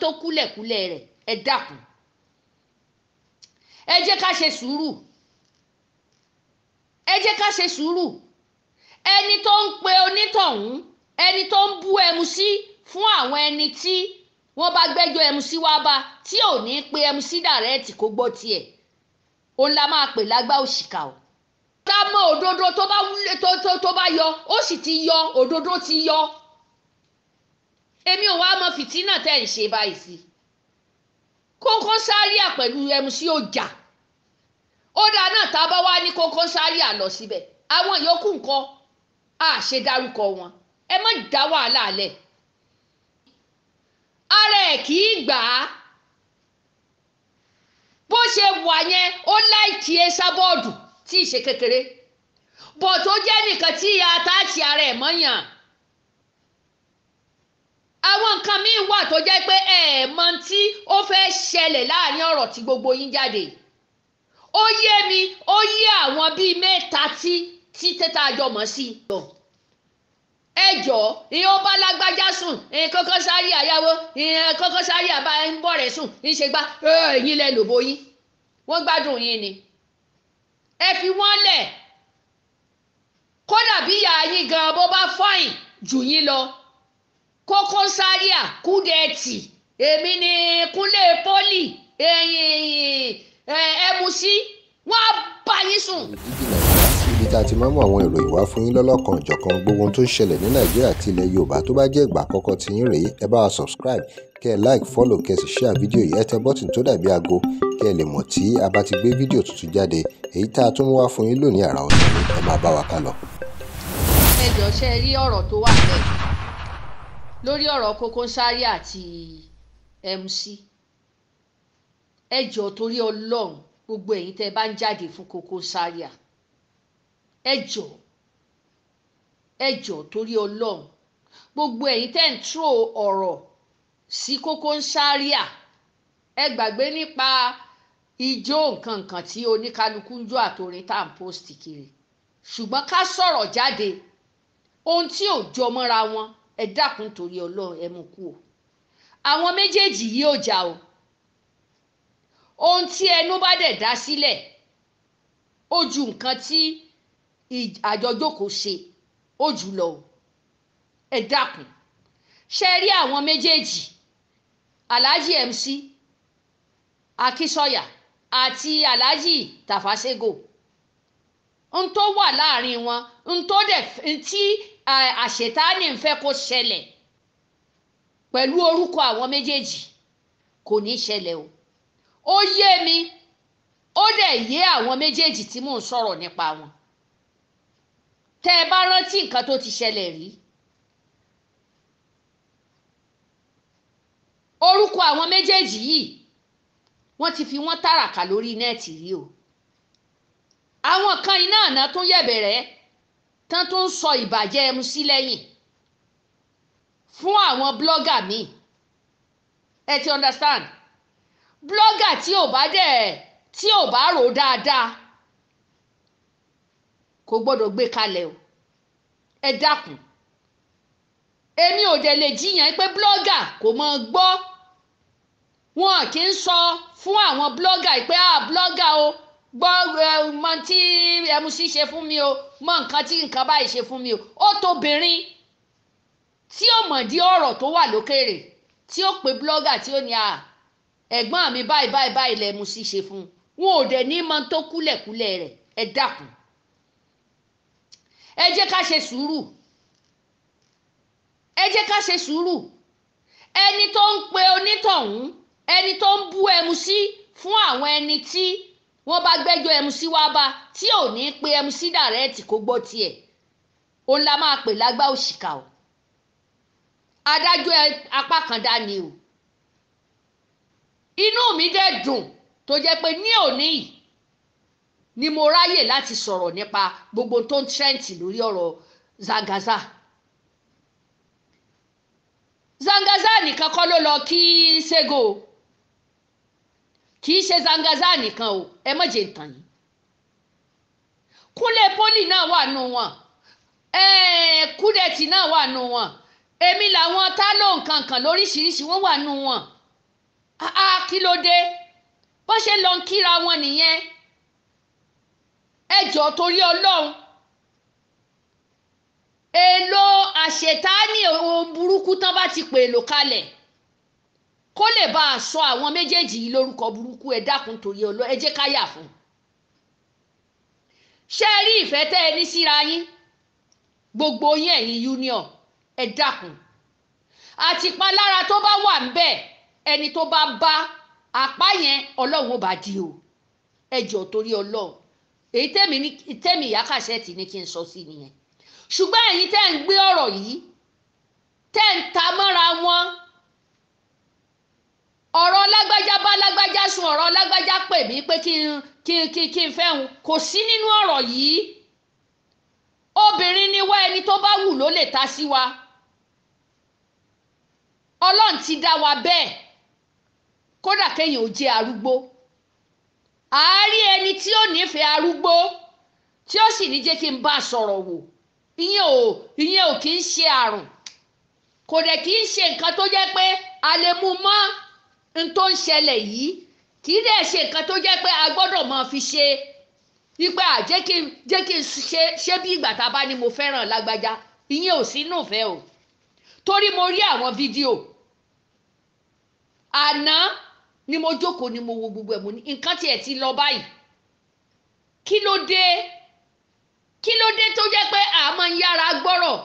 tó kúlẹ̀kúlẹ̀ rẹ̀ ẹ dákun ẹ jẹ́ ká ṣe sùúrù ẹ jẹ́ ká ṣe sùúrù ẹni tó ń pe onítọ̀hún ẹni tó ń bú MC fún àwọn ẹni tí wọ́n bá gbẹ́jọ́ MC wá bá tí ò ní pe MC dàrẹ́ẹ̀tì kó gbọ́ tiẹ̀ òun la máa pè lágbá òṣìkà o ká mọ òdodo tó bá yọ ó sì ti yọ òdodo ti yọ èmi ò wá mọ fìtínà tẹ́ ń ṣe báyìí sí Kónkó Zaria pẹ̀lú MC ọjà ó dáa náà tá a bá wá ní Kónkó Zaria lọ síbẹ̀ àwọn yòókù nǹkan á ṣe dárúkọ wọn ẹ má dá wàhálà lẹ̀ ara ẹ̀ kì í gbà á bó ṣe wà yẹn ó láìkí ẹ sábọ́ọ̀dù tí ì ṣe kékeré bọ̀ tó jẹ́ nìkan tí ìyá tá ara ẹ̀ mọ́yàn nǹkan míì wà tó jẹ́ pé ẹ mọ tí ó fẹ́ ṣẹlẹ̀ láàrin ọ̀rọ̀ tí gbogbo yín jáde ó yé mi ó yé àwọn bíi mẹ́ta tí tí tẹ́tà àjọmọ̀ sí i ẹjọ ìyẹn ó bá lágbájá sùn ìyẹn Koko Zaria àyàwó ìyẹn Koko Zaria àbá ń bọ̀ rẹ̀ sùn ń ṣe gbá ẹ̀yìn lẹ lòbó yín wọ́n gbádùn yín ni. ẹ fi wọ́n lẹ̀ kódà bí ìyá yín gan bó bá fọ́ìn jù yín lọ kókó kúdẹ̀ẹ̀tì èmi ni kúnlé pọ́lì ẹ̀mùsí wọ́n á bá yín sùn. ibi tá a ti máa mú àwọn ìròyìn wá fún yín lọ́lọ́kan ìjọ̀kan gbogbo ohun tó ń ṣẹlẹ̀ ní nàìjíríà àti ilẹ̀ yorùbá tó bá jẹ́ ìgbà àkọ́kọ́ tí yín rèé ẹ bá wa subscribe kẹ́ ẹ like follow kẹ́ ẹ sì share fídíò yìí ẹ tẹ bọ́tìn tó dàbí aago kẹ́ ẹ lè mọ̀ tí a bá ti gbé fídíò tuntun jáde èyí tá a tún mú wá fún yín lónìí àrà ọ̀sẹ̀ ẹ máa bá wa ká lọ. ẹ jọ̀ọ́ ṣe rí ọ̀rọ̀ tó wà lẹ́yìn lórí ọ̀rọ̀ Kókósárí àti eh, MC ẹ jọ̀ọ́ torí Ọlọ́run gbogbo ẹ̀yin tẹ́ ẹ bá ń jáde fún Kókósárí à ẹ jọ̀ọ́ ẹ jọ̀ọ́ torí Ọlọ́run gbogbo ẹ̀yin tẹ́ ń tró ọ̀rọ̀ sí Kókósárí à ẹ gbàgbé nípa ijó nǹkan nǹkan tí oníkálukú ń jó àtòrin tá à ń post kiri ṣùgbọ́n ká sọ̀rọ̀ jáde ohun tí ò jọ mọ́ra wọn ẹ dákun torí ọlọ́run ẹ mú kú o àwọn méjèèjì yìí ò jà o ohun tí ẹnu bá dẹ̀ dá sílẹ̀ ó ju nǹkan tí àjọjókòó ṣe ó jù lọ o ẹ dákun ṣe rí àwọn méjèèjì alhaji mc akísọ̀yà àti alhaji tàfàṣẹ́gò ń tó wà láàrin wọn ń tó dẹ̀ tí àṣetánì ń fẹ́ kó ṣẹlẹ̀ pẹ̀lú orúkọ àwọn méjèèjì kò ní ṣẹlẹ̀ o ó yé mi ó dẹ̀ yé àwọn méjèèjì tí mò ń sọ̀rọ̀ nípa wọn tẹ́ ẹ bá rántí nǹkan tó ti ṣẹlẹ̀ rí orúkọ àwọn méjèèjì yìí wọ́n ti fi wọ́n tàràkà lórí nẹ́ẹ̀tì rí o àwọn kan iná àná tún yẹ̀bẹ̀rẹ̀ tán tó ń sọ ìbàjẹ́ ẹmu sí lẹ́yìn fún àwọn blọ́gà míì ẹ ti understand blọ́gà tí ò bá dẹ̀ tí ò bá rò dáadáa kò gbọ́dọ̀ gbé kalẹ̀ o ẹ dákun èmi ò dẹ̀ lè jiyàn pé blọ́gà kò mọ̀ gbọ́ wọn kì í sọ fún àwọn blọ́gà pé a ah, blọ́gà o gbọ́ eh, mọ tí eh, mc ṣe fún mi o mọ nǹkan tí nǹkan báyìí ṣe fún mi o ó tóbìnrin tí ó mọ̀ di ọ̀rọ̀ tó wà lókèrè tí ó pe blogger tí ó ní a ẹ̀gbọ́n mi báyìí báyìí báyìí lẹ mc ṣe fún wọn ò dẹ̀ ní mọ tó kúlẹ̀kúlẹ̀ rẹ̀ ẹ dákun ẹ jẹ́ ká ṣe sùúrù ẹ jẹ́ ká ṣe sùúrù ẹni tó ń pe onítọ̀hún ẹni tó ń bú ẹmu sí fún àwọn ẹni tí wọ́n bá gbẹ́jọ́ MC wá tí ò ní pe MC dàrẹ́ẹ̀tì kó gbọ́ tiẹ̀ òun la máa pè lágbá òṣìkà o adájọ́ apá kan dání o inú mi dẹ̀ dùn tó jẹ́ pé ní òní yìí ni mo ráyè láti sọ̀rọ̀ nípa gbogbo tó ń trend lórí ọ̀rọ̀ Zagaza Zagaza nìkan kọ́ ló lọ kí Sego kì í ṣe zangaza nìkan o ẹ má jẹ́ ntàn yìí kúnlẹ̀ poli náà wà nù wọn kúdẹ̀tì náà wà nù wọn èmi làwọn tá ló nǹkan kan lóríṣiríṣi wọn wà nù wọn kí ló dé bó ṣe lọ ń kíra wọn nìyẹn ẹ torí Ọlọ́run èlò àṣetánì ohun burúkú tán bá ti pèlò kalẹ̀ kó lè bá a sọ àwọn méjèèjì yìí lórúkọ burúkú ẹ dákun torí ọlọ ẹ jẹ́ ká yà fún un ṣé ẹ rí ìfẹ́ tẹ́ ẹ ní síra yín gbogbo yín ẹ̀yin union ẹ dákun àtìpalára tó bá wà ń bẹ̀ ẹni tó bá bá apá yẹn ọlọ́run ò bá di o ẹ torí ọlọ́run èyí tẹ̀mí ìyá kàṣẹ́ẹ̀tì ni kí n sọ sí nìyẹn ṣùgbọ́n ẹ̀yin tẹ́ ń gbé ọ̀rọ̀ yìí pè mí pé kí n kí n kí n fẹ́ hun kò sí nínú ọ̀rọ̀ yìí obìnrin ni wá ẹni tó bá wù ló lè ta sí wa ọlọ́run ti dá wa bẹ́ẹ̀ kódà kéèyàn ò jẹ́ arúgbó àárí ẹni tí ó nífẹ̀ẹ́ arúgbó tí ó sì ní jẹ́ kí n bá a sọ̀rọ̀ wò ìyẹn ò ìyẹn ò kì í ṣe àrùn kò dẹ̀ kì í ṣe nǹkan tó jẹ́ pé a lè mú mọ́ n tó ń ṣẹlẹ̀ yìí kì í dẹ̀ ṣe nǹkan tó jẹ́ pé a gbọ́dọ̀ máa fi ṣe ipa jẹ́ kí n jẹ́ kí n ṣe ṣe bí ìgbà tá a bá ní mo fẹ́ràn lágbájá ìyẹn ò sí nùfẹ́ o torí mo rí àwọn fídíò àná ni mo jókòó ni mo wo gbogbo ẹ̀ mo ní nǹkan tiẹ̀ ti lọ báyìí kí ló dé kí ló dé tó jẹ́ pé a máa ń yára gbọ́rọ̀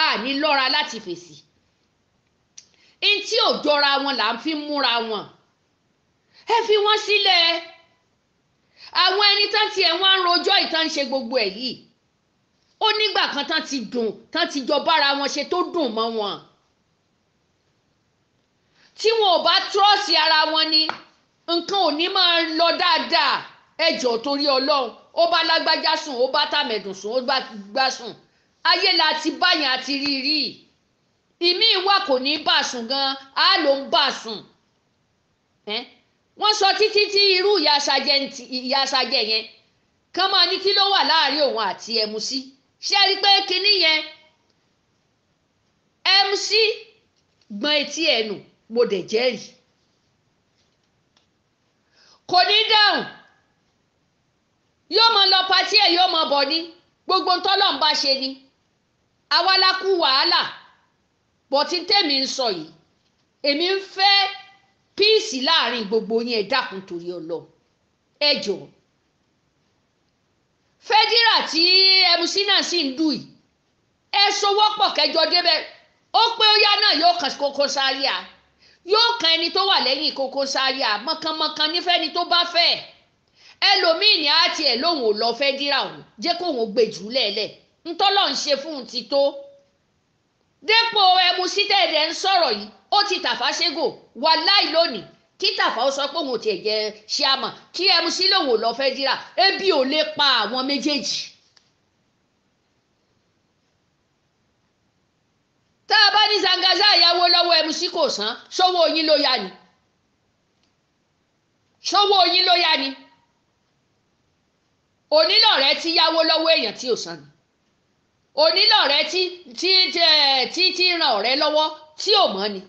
a ní lọ́ra láti fèsì ntí ò jọra wọn là ń fi múra wọn ẹ fi wọ́n sílẹ̀ àwọn ẹni tán tiẹ̀ wọ́n á ń rojọ́ ìtàn ṣe gbogbo ẹ̀ yìí ó nígbà kan tán ti dùn tán ti jọ bára wọn ṣe tó dùn mọ́ wọn tí wọn ò bá trọ́ọ̀sì ara wọn ni nǹkan ò ní máa lọ dáadáa ẹjọ́ torí ọlọ́run ó bá lágbájá sùn ó bá tàmẹ̀dùn sùn ó bá gbá sùn ayé la ti báyàn àti rírí ìmí ìwà kò ní bà sùn gan á ló ń bà sùn wọ́n sọ títí tí irú ìyá sàjẹ́ yẹn kán máa ní kí ló wà láàrin òun àti MC ṣe rí i pé kinní yẹn MC gbọ́n etí ẹ̀ nù mo dẹ̀ jẹ́rìí kò ní dáhùn yóò mọ lọ patí ẹ̀ yóò mọ bọ̀ ní gbogbo ntọ́lọ́ ń bá ṣe ni àwa la kú wàhálà bọ̀tí tèmi ń sọ yìí èmi ń fẹ́ píìsì láàrin gbogbo yín ẹ dákun torí ọlọ ẹ jọ fẹdírà tí ẹmúsí náà sì ń ẹ sọwọpọ kẹjọ débẹ̀ ó pé ó yá náà yóò kan Koko Zaria yóò kan ẹni tó wà lẹ́yìn Koko Zaria mọ̀kànmọ̀kàn nífẹ̀ẹ́ni tó bá fẹ́ ẹlòmíì ati àti ẹ̀ lóun ò lọ òun kóun gbèjú ntọ́lọ́ ń ṣe fún un dépò ẹmu eh, sítẹ̀dẹ̀ ń sọ̀rọ̀ yìí ó ti tàfà ségò wà láì lónìí kí tàfà ó sọ pé òun ò tiẹ̀ jẹ ṣíàmà kí ẹmu sí lòun ò lọ fẹ́ dírà ebi ò lè pa àwọn méjèèjì. tá a bá ní zangaza ìyàwó lọ́wọ́ ẹmu sí kò san sówó yín ló yá ni sówó yín ló yá ni onílọ̀rẹ́ ti yáwó lọ́wọ́ èèyàn tí ò san ni onílọ̀rẹ́ tí tí tí tí ràn ọ̀rẹ́ lọ́wọ́ tí ò mọ́ ni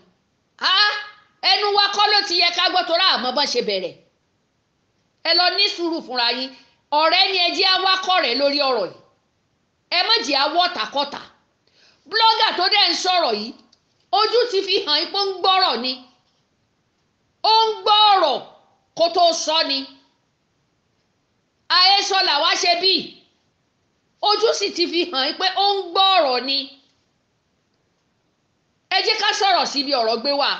ẹnu wa kọ́ ló ti yẹ ká gbọ́ tó ráàmọ́ bọ́n ṣe bẹ̀rẹ̀ ẹ lọ ní sùúrù fúnra yín ọ̀rẹ́ ni ẹ jẹ́ awakọ̀ rẹ̀ lórí ọ̀rọ̀ yìí ẹ má jẹ́ awọ́ tàkọ́tà blọ́gà tó dẹ̀ ń sọ̀rọ̀ yìí ojú ti fi hàn pé ń gbọ́rọ̀ ni ó ń gbọ́ ọ̀rọ̀ kó tó sọ ni àhesọ làwa ṣe bíi ojú sì ti fi hàn pé ó ń gbọ́ ọ̀rọ̀ ni ẹ jẹ́ ká sọ̀rọ̀ síbi ọ̀rọ̀ gbé wà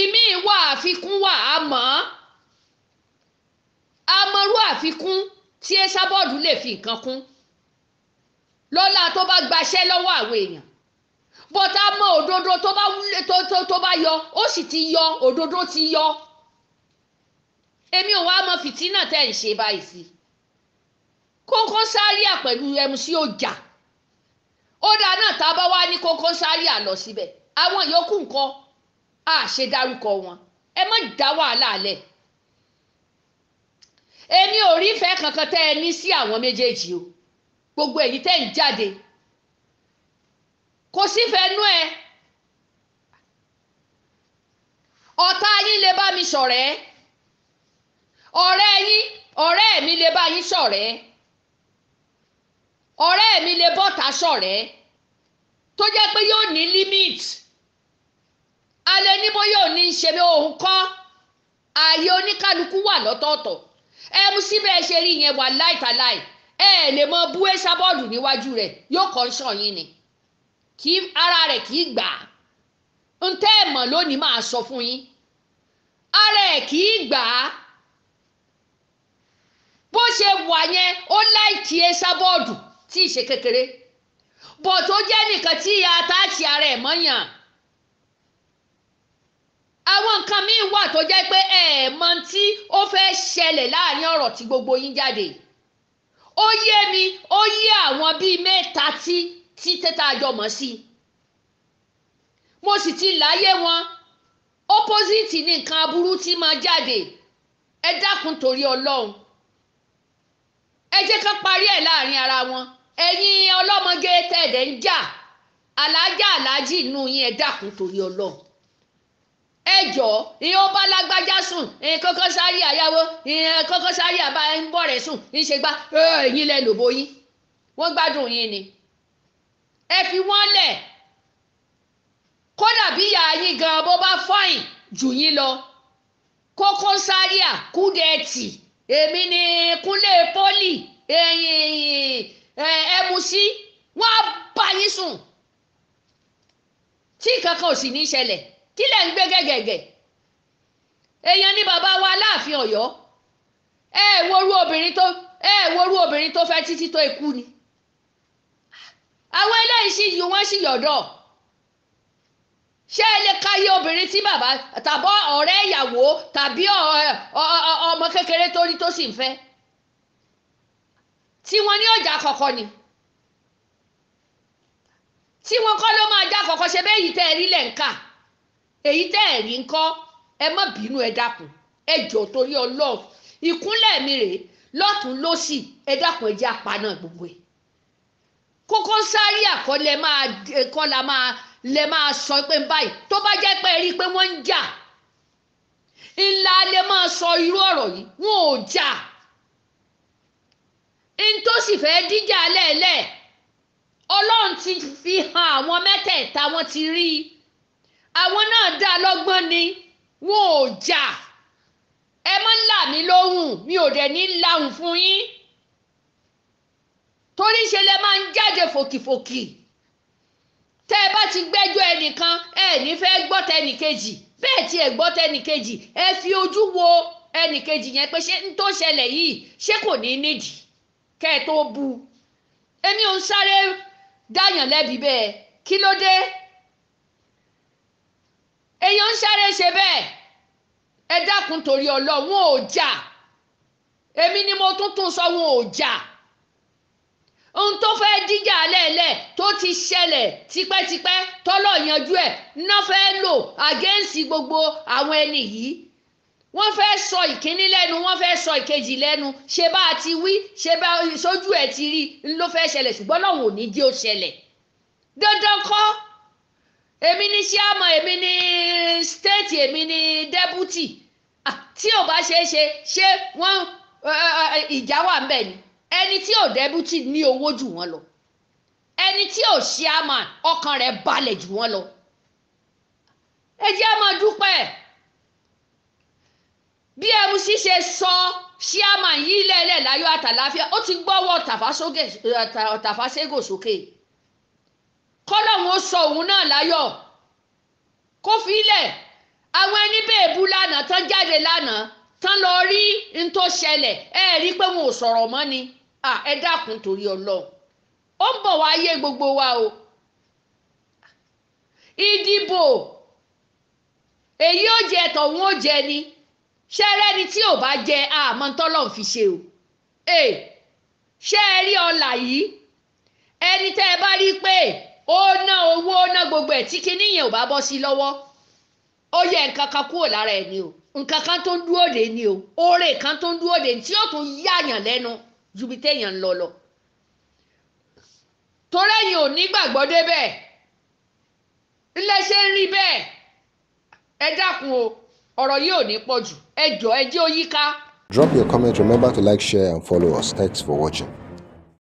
ìmí wà àfikún wà àmọ́ àmọ́rú àfikún tí Esabod lè fi nǹkan kún lọ́la tó bá gbaṣẹ́ lọ́wọ́ àwọn èèyàn bọ́tà mọ òdodo tó bá wúlé tó tó tó bá yọ ó sì ti yọ òdodo ti yọ èmi ò wá mọ fìtínà tẹ́ ń ṣe báyìí sí i Kókó Zaria pẹ̀lú MC Ọjà ó dáa náà tá a bá wá ní Kókó Zaria lọ síbẹ̀ àwọn yòókù nǹkan á ṣe dárúkọ wọn ẹ má dá wàhálà lẹ̀ èmi ò rí ìfẹ́ kankan tẹ́ ẹ ní sí àwọn méjèèjì o gbogbo èyí tẹ́ ń jáde kò sífẹ̀ẹ́nú ẹ ọ̀tá yín lè bá mi ṣọ̀rẹ́ ọ̀rẹ́ yín ọ̀rẹ́ mi lè bá yín ṣọ̀rẹ́ ọ̀rẹ́ mi lè bọ́ta sọ̀rẹ́ tó jẹ́ pé yóò ní limit alẹ́ ní bóyá ò ní ṣe òun kọ́ ààyè oníkálukú wà lọ́tọ̀ọ̀tọ̀ ẹ mú síbẹ̀ ṣe rí yẹn wà láìtàláì ẹ lè mọ bú ẹ́sà níwájú rẹ̀ yóò kọ́ ni kí ara rẹ̀ kì í gbà ń fún yín ara ẹ̀ kì í gbà ṣe wà yẹn ó láìkí tí ì ṣe kékeré bọ̀ tó jẹ́ nìkan tí ìyá àtàtì ara ẹ̀ mọ́yàn àwọn nǹkan míì wà tó jẹ́ pé ẹ ẹ̀ mọ tí ó fẹ́ ṣẹlẹ̀ láàrin ọ̀rọ̀ tí gbogbo yín jáde ó yé mi ó yé àwọn bíi mẹ́ta tí tí tẹ́tà àjọ mọ̀ sí mo sì ti láyé wọn opposite ní nǹkan aburú tí máa jáde ẹ dákun torí ọlọ́run ẹ jẹ́ ká parí ẹ̀ láàrin ara wọn ẹ̀yin ọlọ́mọge tẹ̀dẹ̀ ń jà alájà aláàjì inú yín ẹ dákun torí ọlọ́run ẹ jọ̀ọ́ ìyẹn ó bá lágbájá sùn ìyẹn kọ́kọ́ sáré àyáwó ìyẹn kọ́kọ́ sáré àbá ń bọ̀ rẹ̀ sùn ń ṣe gbá ẹ̀yin lẹ lòbó yín wọ́n gbádùn yín ni ẹ fi wọ́n lẹ̀ kódà bí ìyá yín gan bó bá fọ́ìn jù yín lọ kókó sáré àkúdẹ̀ẹ̀tì èmi ni kúnlé pọ́lì ẹ̀yìn ẹmu sí wọ́n á bá yín sùn tí kankan ò sì ní ṣẹlẹ̀ kí lẹ̀ ń gbé gẹ́gẹ́gẹ́ èèyàn ní bàbá wa láàfin Ọ̀yọ́ ẹ worú obìnrin tó ẹ worú obìnrin tó fẹ́ títí tó ikú ni àwọn eléyìí sì yí wọ́n sì yọ̀dọ̀ ṣé ẹ lè káyé obìnrin tí bàbá tàbọ̀ ọ̀rẹ́ ìyàwó tàbí ọmọ kékeré tó ní tó sì ń fẹ́ tí wọ́n ní ọjà kọ̀kọ̀ ni tí wọ́n kọ́ ló máa já kọ̀kọ̀ ṣe bẹ́ẹ̀ yìí tẹ́ ẹ rí lẹ̀ ń kà èyí tẹ́ ẹ rí ń kọ́ ẹ má bínú ẹ dákun ẹ jọ torí ọlọ́ọ̀ ìkúnlẹ̀ mi rèé lọ́tún lọ́sì ẹ dákun ẹ jẹ́ gbogbo ẹ̀ Koko Zaria kọ́ lẹ máa kọ́ la máa lẹ máa sọ pé báyìí tó bá jẹ́ pé ẹ rí i pé wọ́n ń jà ńlá lè máa sọ irú ọ̀rọ̀ yìí wọn ò jà n tó sì fẹ́ díjà lẹ́ẹ̀lẹ́ ọlọ́run ti fi hàn àwọn mẹ́tẹ̀ẹ̀ta wọn ti rí i àwọn náà dá a lọ́gbọ́n ni wọn ò jà ẹ má là mí lóhùn mi ò dẹ̀ ní lahùn fún yín torí ṣe lè máa ń jáde fòkìfòkì tẹ́ ẹ bá ti gbẹ́jọ́ ẹnìkan ẹ ní fẹ́ gbọ́ tẹnìkejì bẹ́ẹ̀ tí ẹ gbọ́ tẹnìkejì ẹ fi ojú wo ẹnìkejì yẹn pé ṣé ń tó ṣẹlẹ̀ yìí ṣé kò ní nídìí kẹ́ ẹ tó bu èmi ò ń sáré dáyàn lẹ́bi bẹ́ẹ̀ kí ló dé èèyàn ń sáré ṣe bẹ́ẹ̀ ẹ dákun torí ọlọ́run ò jà èmi ni mo tún tún sọ wọn ò jà ohun tó fẹ́ díjà lẹ́ẹ̀lẹ́ tó ti ṣẹlẹ̀ tipẹ́tipẹ́ tọ́lọ̀ yanjú ẹ̀ náà fẹ́ lò against gbogbo àwọn ẹni yìí wọ́n fẹ́ sọ ìkíní lẹ́nu wọ́n fẹ́ sọ ìkejì lẹ́nu ṣe bá a ti wí ṣe bá sójú ẹ̀ ti rí ló fẹ́ ṣẹlẹ̀ ṣùgbọ́n lọ́wọ́ ò ní jẹ́ ó ṣẹlẹ̀ dandan kọ́ èmi ni ṣíàmọ̀ èmi ni stéètì èmi ni dẹ́bùtì tí ò bá ṣe é ṣe ṣé wọ́n ìjà wà ń bẹ̀ ni ẹni tí ò dẹ́bùtì ní owó jù wọ́n lọ ẹni tí ò ṣíàmọ̀ ọkàn rẹ̀ balẹ̀ jù wọ́n lọ ẹ jẹ́ á máa dúpẹ́ ẹ̀. bí BMC ṣe sọ ṣíàmán yìí lẹ́lẹ̀ láyọ̀ àtàláfíà ó ti gbọ́wọ́ tàfàṣégò sókè kọ́lọ́hún ó sọ òun náà láyọ̀ kó filẹ̀ àwọn ẹni bẹ́ẹ̀ lánàá tán jáde lánàá tán lọ rí n tó ṣẹlẹ̀ ẹ rí i pé wọn ò sọ̀rọ̀ mọ́ ni ẹ dákun torí ọlọ́run ó ń bọ̀ wá gbogbo wa o ìdìbò èyí ó jẹ tọ̀hún ó jẹ ni. ṣé ẹ rẹ́ni tí ò bá jẹ àmọ́ fi ṣe o ee ṣé ẹ rí ọlà yìí ẹni tẹ́ ẹ bá rí pé ná owó ná gbogbo ẹ̀ tí kinní yẹn ò bá bọ́ sí lọ́wọ́ ó yẹ ni o nǹkan kan tó ń o oore kan tó ń dúró de tí yóò tún yáàyàn lẹ́nu ju bí téèyàn ń lọ lọ ń rí bẹ́ẹ̀ ọ̀rọ̀ yìí ò ní pọ̀ ẹ jọ̀ọ́ ẹ jẹ́ ó Drop your comment remember to like share and follow us thanks for watching.